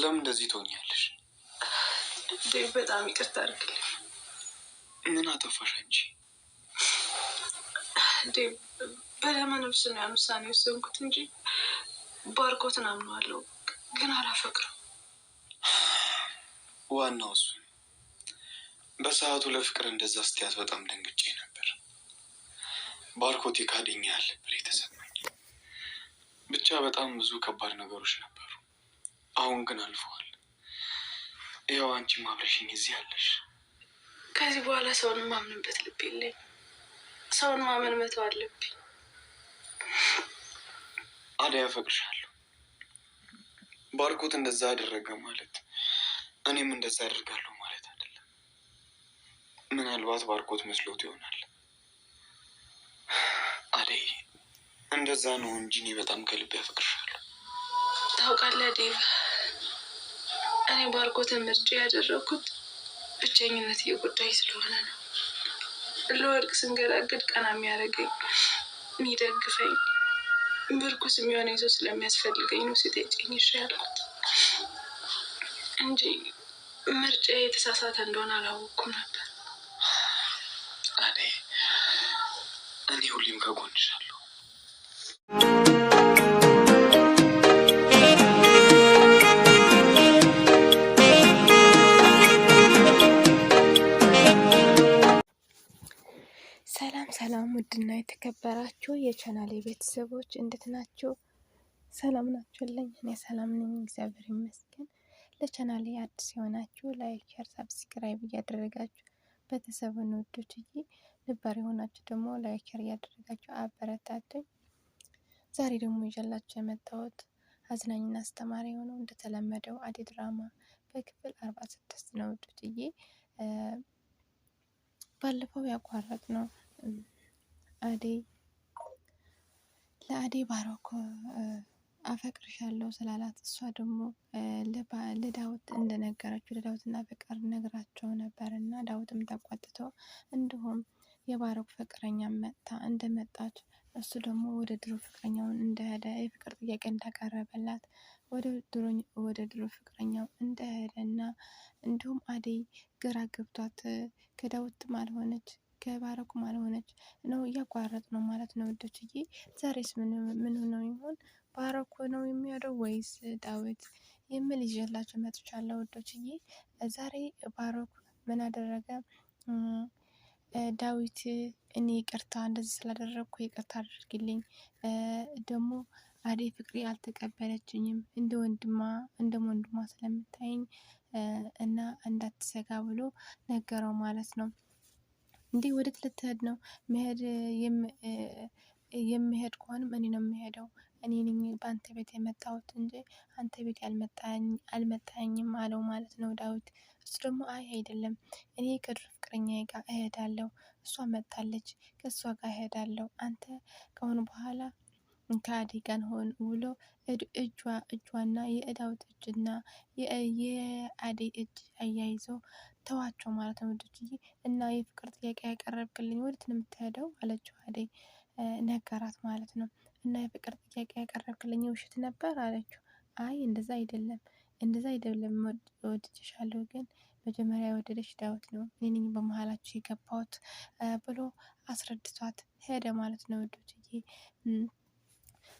ለምን እንደዚህ ትሆኛለሽ? በጣም ይቅርታ አድርግልኝ። ምን አጠፋሽ አንቺ? በደመ ነፍስ ነው ያን ውሳኔ እንጂ ባርኮትን አምነዋለሁ፣ ግን አላፈቅርም። ዋናው እሱ በሰዓቱ ለፍቅር እንደዛ ስትያት በጣም ደንግጬ ነበር። ባርኮት የካደኛ ያለብር የተሰማኝ ብቻ በጣም ብዙ ከባድ ነገሮች ነበሩ። አሁን ግን አልፈዋል። ይኸው አንቺ ማብረሽኝ እዚህ አለሽ። ከዚህ በኋላ ሰውን ማምንበት ልብ የለኝ። ሰውን ማመን መተው አለብኝ። አደይ አፈቅርሻለሁ። ባርኮት እንደዛ አደረገ ማለት እኔም እንደዛ አደርጋለሁ ማለት አይደለም። ምናልባት ባርኮት መስሎት ይሆናል። አደይ እንደዛ ነው እንጂ እኔ በጣም ከልብ ያፈቅርሻለሁ። ታውቃለህ አደይ እኔ ባርኮትን ምርጫ ያደረኩት ብቸኝነት እየጎዳኝ ስለሆነ ነው። ለወድቅ ስንገዳገድ ቀና የሚያደርገኝ የሚደግፈኝ ምርኩስ የሚሆነኝ ሰው ስለሚያስፈልገኝ ነው ሴት ጨኝሻ ያልኩት እንጂ ምርጫ የተሳሳተ እንደሆነ አላወኩም ነበር። እኔ ሁሌም ከጎንሻለሁ። ውድና የተከበራችሁ የቻናሌ ቤተሰቦች እንዴት ናችሁ? ሰላም ናችሁልኝ? እኔ ሰላም ነኝ፣ እግዚአብሔር ይመስገን። ለቻናሌ አዲስ የሆናችሁ ላይክ፣ ሸር፣ ሳብስክራይብ እያደረጋችሁ ቤተሰብን ውዶች እ ነባር የሆናችሁ ደግሞ ላይክ፣ ሸር እያደረጋችሁ አበረታቱኝ። ዛሬ ደግሞ ይዤላችሁ የመጣሁት አዝናኝና አስተማሪ የሆነው እንደተለመደው አደይ ድራማ በክፍል አርባ ስድስት ነው ውዶችዬ ባለፈው ያቋረጥ ነው አደይ ለአደይ ባሮክ አፈቅርሻለሁ ስላላት እሷ ደግሞ ለዳዊት እንደነገረችው ለዳዊትና ፍቅር ነግራቸው ነበር እና ዳዊትም ተቆጥቶ እንዲሁም የባሮክ ፍቅረኛ መጥታ እንደመጣች እሱ ደግሞ ወደ ድሮ ፍቅረኛውን እንደሄደ የፍቅር ጥያቄ እንዳቀረበላት ወደ ድሮ ፍቅረኛው እንደሄደ እና እንዲሁም አደይ ግራ ገብቷት ከዳውትም አልሆነች ከባረኩም አልሆነች ነው እያቋረጥ ነው ማለት ነው ውዶችዬ። ዛሬስ ምን ነው ይሆን ባረኩ ነው የሚያደው ወይስ ዳዊት የሚል ይዤላችሁ መጥቻለሁ ውዶችዬ። ዛሬ ባረኩ ምን አደረገ? ዳዊት እኔ ይቅርታ እንደዚህ ስላደረግኩ ይቅርታ አድርግልኝ፣ ደግሞ አዴ ፍቅሪ አልተቀበለችኝም እንደ ወንድማ እንደ ወንድማ ስለምታይኝ እና እንዳትሰጋ ብሎ ነገረው ማለት ነው። እንዴ ወዴት ልትሄድ ነው? መሄድ የምሄድ ከሆንም እኔ ነው የምሄደው። እኔ ነኝ በአንተ ቤት የመጣሁት እንጂ አንተ ቤት አልመጣኝም አለው ማለት ነው ዳዊት። እሱ ደግሞ አይ አይደለም፣ እኔ ከድሮ ፍቅረኛ ጋር እሄዳለሁ። እሷ መጣለች፣ ከእሷ ጋር እሄዳለሁ። አንተ ከሆኑ በኋላ ከአዲ ቀን ሆን ውሎ እጇ እጇና የእዳውት እጅና የአደይ እጅ አያይዞ ተዋቸው ማለት ነው። ውዶችዬ እና የፍቅር ጥያቄ ያቀረብክልኝ ወዴት ነው የምትሄደው? አለችው አደይ ነገራት ማለት ነው። እና የፍቅር ጥያቄ ያቀረብክልኝ ውሸት ነበር አለችው። አይ እንደዛ አይደለም እንደዛ አይደለም፣ ወድጄሻለሁ ግን መጀመሪያ የወደደች ዳዊት ነው፣ እኔ በመሀላቸው የገባሁት ብሎ አስረድቷት ሄደ ማለት ነው ውዶችዬ።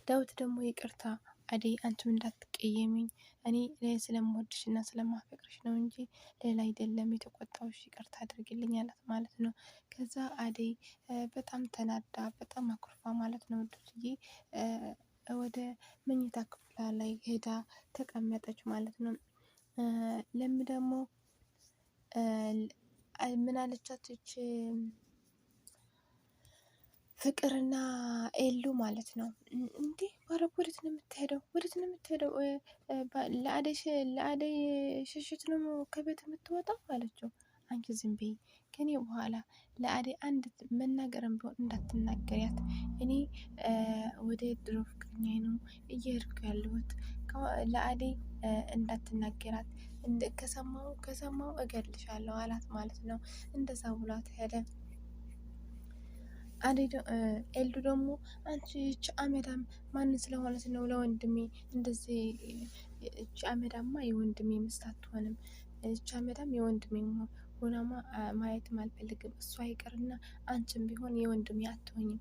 ዳዊት ደግሞ ይቅርታ አደይ አንቺም እንዳትቀየሚኝ እኔ ስለምወድሽ እና ስለማፈቅርሽ ነው እንጂ ሌላ አይደለም የተቆጣውሽ፣ ይቅርታ አድርግልኝ አላት ማለት ነው። ከዛ አደይ በጣም ተናዳ በጣም አኩርፋ ማለት ነው ዱትዬ ወደ መኝታ ክፍላ ላይ ሄዳ ተቀመጠች ማለት ነው። ለም ደግሞ ምን አለቻት? ፍቅርና ኤሉ ማለት ነው። እንዴ ማረብ ወዴት ነው የምትሄደው? ወዴት ነው የምትሄደው? ለአደይ ሽሽት ነው ከቤት የምትወጣው አለችው። አንቺ ዝም በይ፣ ከኔ በኋላ ለአደይ አንድ መናገርም ቢሆን እንዳትናገሪያት። እኔ ወደ ድሮ ፍቅረኛዬ ነው እየሄድኩ ያለሁት። ለአደይ እንዳትናገራት፣ ከሰማው ከሰማው እገልሻለሁ አላት ማለት ነው። እንደዛ ብሏት ሄደ። ኤልዱ ደግሞ አንቺ ይቺ አመዳም ማንን ስለሆነት ነው ለወንድሜ እንደዚህ? ይቺ አመዳማ የወንድሜ ሚስት አትሆንም። ይቺ አመዳም የወንድሜ ሆናማ ማየትም አልፈልግም። እሷ አይቀርና አንቺም ቢሆን የወንድሜ አትሆኝም።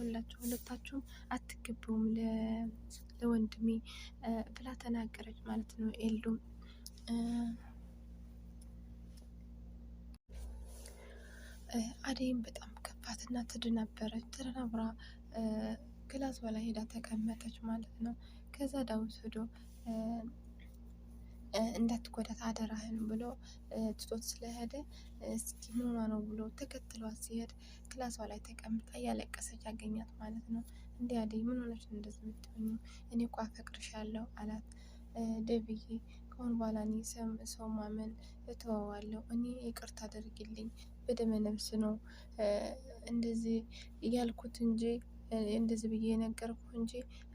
ሁላችሁ ሁለታችሁም አትገባውም ለወንድሜ ብላ ተናገረች ማለት ነው ኤልዱም አደይም በጣም ከፋትና ትደናበረች። ተደናብራ ክላስ በላይ ሄዳ ተቀመጠች ማለት ነው። ከዛ ዳዊት ሄዶ እንዳትጎዳት አደራህን ብሎ ትቶት ስለሄደ እስኪ ምኗ ነው ብሎ ተከትሏት ሲሄድ ክላሷ ላይ ተቀምጣ እያለቀሰች ያገኛት ማለት ነው። እንዲ አደይ ምን ሆነች እንደዚህ የምትሆኚ? እኔ እኮ አፈቅርሻለሁ አላት ደብዬ ከአሁን በኋላ እኔ ሰው ማመን እተወዋለሁ። እኔ ይቅርታ አድርግልኝ፣ በደመ ነፍስ ነው እንደዚህ እያልኩት እንጂ እንደዚህ ብዬ የነገርኩ እንጂ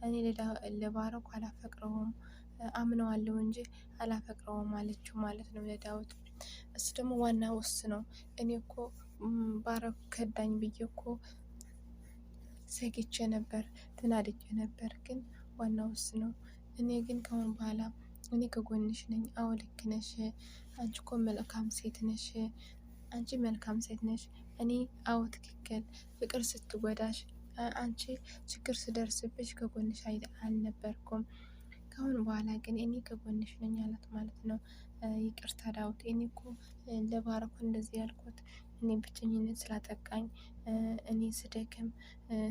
እኔ ለባረኩ አላፈቅረውም አምነዋለሁ እንጂ አላፈቅረውም አለችው ማለት ነው ለዳዊት። እሱ ደግሞ ዋና ውስ ነው እኔ እኮ ባረኩ ከዳኝ ብዬ እኮ ሰግቼ ነበር፣ ተናድጄ ነበር። ግን ዋና ውስ ነው። እኔ ግን ከአሁን በኋላ እኔ ከጎንሽ ነኝ። አዎ ልክ ነሽ። አንቺ እኮ መልካም ሴት ነሽ። አንቺ መልካም ሴት ነሽ። እኔ አዎ ትክክል። ፍቅር ስትጎዳሽ፣ አንቺ ችግር ስደርስብሽ ከጎንሽ አልነበርኩም። ከአሁን በኋላ ግን እኔ ከጎንሽ ነኝ አላት ማለት ነው። ይቅርታ ዳዊት፣ እኔ እኮ ለባረኩ እንደዚህ ያልኩት እኔ ብቸኝነት ስላጠቃኝ እኔ ስደክም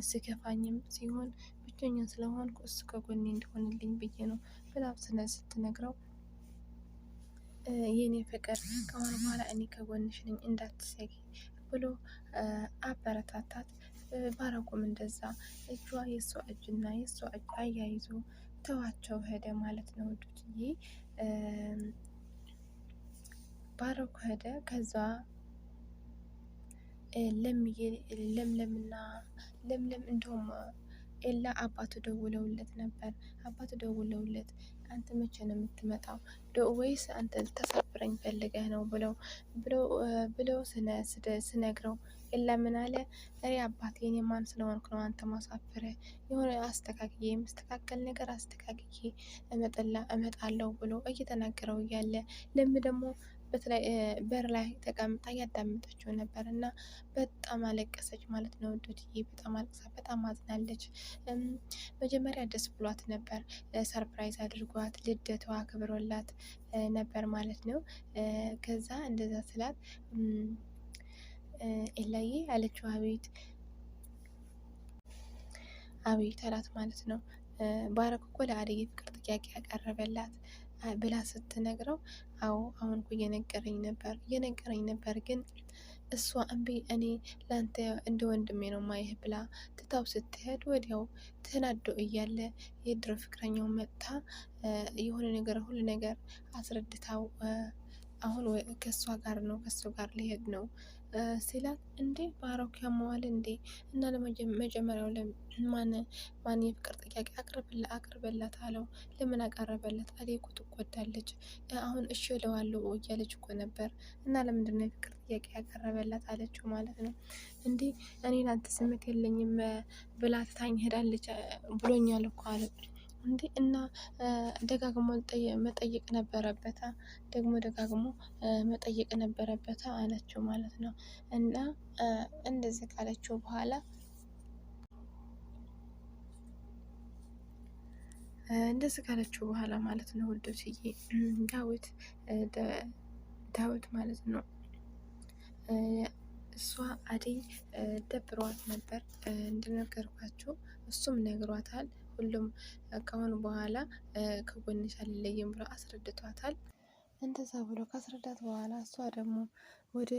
ስከፋኝም ሲሆን ብቸኛ ስለሆንኩ እሱ ከጎኔ እንዲሆንልኝ ብዬ ነው። በጣም ስትነግረው የኔ ፍቅር ከአሁን በኋላ እኔ ከጎንሽ ነኝ እንዳትሰጊ ብሎ አበረታታት። ባረጉም እንደዛ እጇ የእሷ እጅና የእሷ እጅ አያይዞ ተዋቸው ሄደ ማለት ነው ዱትዬ ባረኩ ሄደ። ከዛ ለምዬ ለምለምና ለምለም እንደውም ኤላ አባቱ ደውለውለት ነበር። አባቱ ደውለውለት አንተ መቼ ነው የምትመጣው? ወይስ አንተ ልታሳፍረኝ ፈልገህ ነው ብለው ብለው ስነግረው ኤላ ምን አለ? እኔ አባት የኔ ማን ስለሆንክ ነው አንተ ማሳፍረ? የሆነ አስተካክዬ የምስተካከል ነገር አስተካክዬ እመጣለሁ ብሎ እየተናገረው እያለ ለም ደግሞ ያለበት ላይ በር ላይ ተቀምጣ እያዳመጠችው ነበር እና በጣም አለቀሰች ማለት ነው። ዱትዬ በጣም አልቅሳ በጣም አዝናለች። መጀመሪያ ደስ ብሏት ነበር፣ ሰርፕራይዝ አድርጓት ልደቷ አክብሮላት ነበር ማለት ነው። ከዛ እንደዛ ስላት ኤላዬ አለችው። አቤት አቤት አላት ማለት ነው። ባረክ እኮ ለአደይ ፍቅር ጥያቄ ያቀረበላት ብላ ስትነግረው አዎ አሁን እኮ እየነገረኝ ነበር እየነገረኝ ነበር ግን እሷ እምቢ እኔ ለአንተ እንደ ወንድሜ ነው ማይህ ብላ ትታው ስትሄድ ወዲያው ተናዶ እያለ የድሮ ፍቅረኛው መጥታ የሆነ ነገር ሁሉ ነገር አስረድታው አሁን ከእሷ ጋር ነው ከእሱ ጋር ሊሄድ ነው ሲላት እንዴ ባሮክ ያመዋል እንዴ? እና ለመጀመሪያው ማን ማን የፍቅር ጥያቄ አቅርበላት አለው። ለምን አቀረበላት? አሌ እኮ ትጎዳለች። አሁን እሺ እለዋለሁ እያለች እኮ ነበር። እና ለምንድን ነው የፍቅር ጥያቄ ያቀረበላት አለችው ማለት ነው። እንዴ እኔ ላንተ ስሜት የለኝም ብላ ትታኝ ሄዳለች ብሎኛል እኮ አለች እንዴ እና ደጋግሞ መጠየቅ ነበረበታ ደግሞ ደጋግሞ መጠየቅ ነበረበታ አለችው ማለት ነው። እና እንደዚህ ካለችው በኋላ እንደዚህ ካለችው በኋላ ማለት ነው ውዶችዬ ዳዊት ዳዊት ማለት ነው እሷ አደይ ደብሯት ነበር እንደነገርኳቸው እሱም ነግሯታል። ሁሉም ከአሁን በኋላ ከጎንሽ አልለይም ብሎ አስረድቷታል። እንደዛ ብሎ ካስረዳት በኋላ እሷ ደግሞ ወደ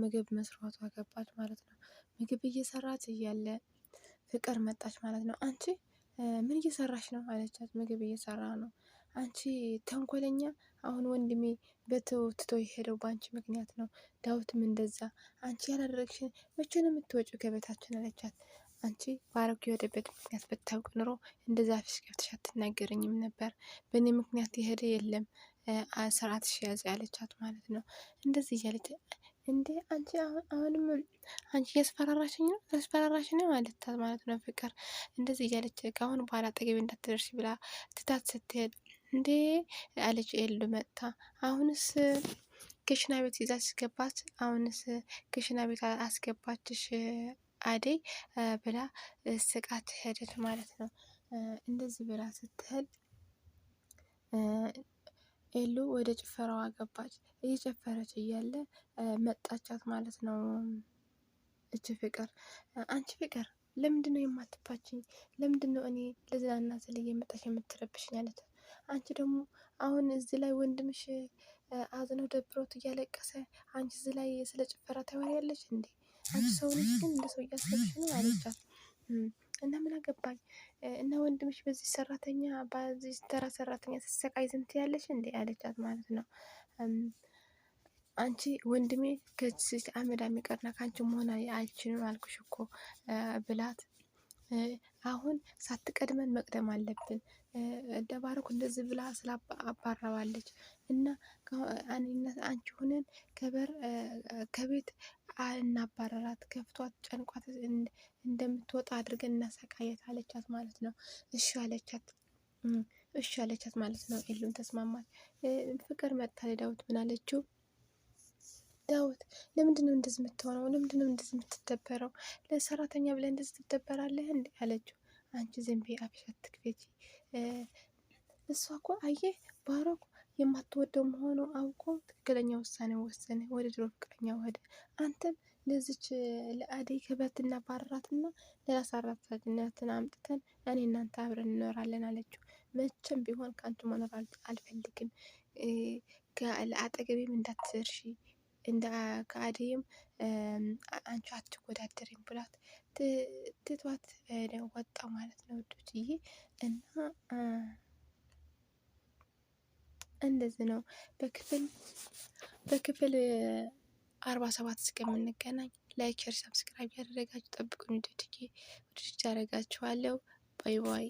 ምግብ መስራቷ ገባች ማለት ነው። ምግብ እየሰራች እያለ ፍቅር መጣች ማለት ነው። አንቺ ምን እየሰራሽ ነው አለቻት። ምግብ እየሰራ ነው። አንቺ ተንኮለኛ፣ አሁን ወንድሜ በትቶ ትቶ የሄደው በአንቺ ምክንያት ነው። ዳዊትም እንደዛ አንቺ ያላደረግሽን መቼ ነው የምትወጪው ከቤታችን አለቻት። አንቺ በአሮጌ ወደ ምክንያት ብታውቅ ኑሮ እንደዛ ፊሽ ገብተሽ አትናገረኝም ነበር። በእኔ ምክንያት የሄደ የለም ስርዓትሽ ያዝ ያለቻት ማለት ነው። እንደዚህ እያለች እንዴ አንቺ አሁንም አንቺ እያስፈራራሽኝ ነው ያስፈራራሽ ነው ማለት ማለት ነው። ፍቅር እንደዚህ እያለች ከአሁን በኋላ አጠገቤ እንዳትደርሽ ብላ ትታት ስትሄድ እንዴ አለች ኤሉ መጥታ አሁንስ ክሽና ቤት ይዛ አስገባች። አሁንስ ክሽና ቤት አስገባችሽ አደይ ብላ ስቃ ትሄደች ማለት ነው። እንደዚህ ብላ ስትሄድ ኤሉ ወደ ጭፈራዋ ገባች። እየጨፈረች እያለ መጣቻት ማለት ነው። እች ፍቅር አንቺ ፍቅር ለምንድን ነው የማትፋችኝ? ለምንድን ነው እኔ ለዝናና ስል እየመጣሽ የምትረብሽኝ? አለት አንቺ ደግሞ አሁን እዚህ ላይ ወንድምሽ አዝኖ ደብሮት እያለቀሰ አንቺ እዚህ ላይ ስለ ጭፈራ ታወሪያለሽ እንዴ? አንቺ ሰው ነሽ ግን እንደ ሰው እያሰብሽ ነው አለቻት። እና ምን አገባኝ እና ወንድምሽ በዚህ ሰራተኛ በዚህ ተራ ሰራተኛ ስትሰቃይ ዝም ትያለሽ እንዴ አለቻት ማለት ነው። አንቺ ወንድሜ ከዚህ አመድ የሚቀርና ከአንቺ መሆን አይችልም አልኩሽ እኮ ብላት፣ አሁን ሳትቀድመን መቅደም አለብን። ደባረኩ እንደዚህ ብላ ስላባራባለች እና አንቺ ሁነን ከበር ከቤት እናባረራት፣ ገብቷት ጨንቋት እንደምትወጣ አድርገን እናሰቃየት አለቻት ማለት ነው። እሺ አለቻት። እሺ አለቻት ማለት ነው። ኤሉም ተስማማት። ፍቅር መጥታ ለዳዊት ምን አለችው? ዳዊት ለምንድን ነው እንደዚህ የምትሆነው? ለምንድን ነው እንደዚህ የምትደበረው? ለሰራተኛ ብለህ እንደዚህ ትደበራለህ እንዴ? አለችው። አንቺ ዝም ብዬ አፍሽ አትክፈቺ። እሷ እኮ አየህ ባሮክ የማትወደው መሆኑ አውቆ ትክክለኛ ውሳኔ ወሰነ። ወደ ድሮ ፍቅረኛ ወደ አንተም ለዚች ለአደይ ክብረት ለራስ ለራሳራታችንን አምጥተን እኔ እናንተ አብረን እንኖራለን አለችው። መቼም ቢሆን ከአንቱ መኖር አልፈልግም፣ ለአጠገቤም እንዳትደርሺ ከአደይም አንቺ አትወዳደሪም ብላት ትቷት ወጣ ማለት ነው ይሄ እና እንደዚህ ነው። በክፍል በክፍል አርባ ሰባት እስከምንገናኝ ላይክ፣ ሸር፣ ሰብስክራይብ ያደረጋችሁ ጠብቁን። ድድጌ ድድጅ ያደረጋችኋለሁ። ባይ ባይ።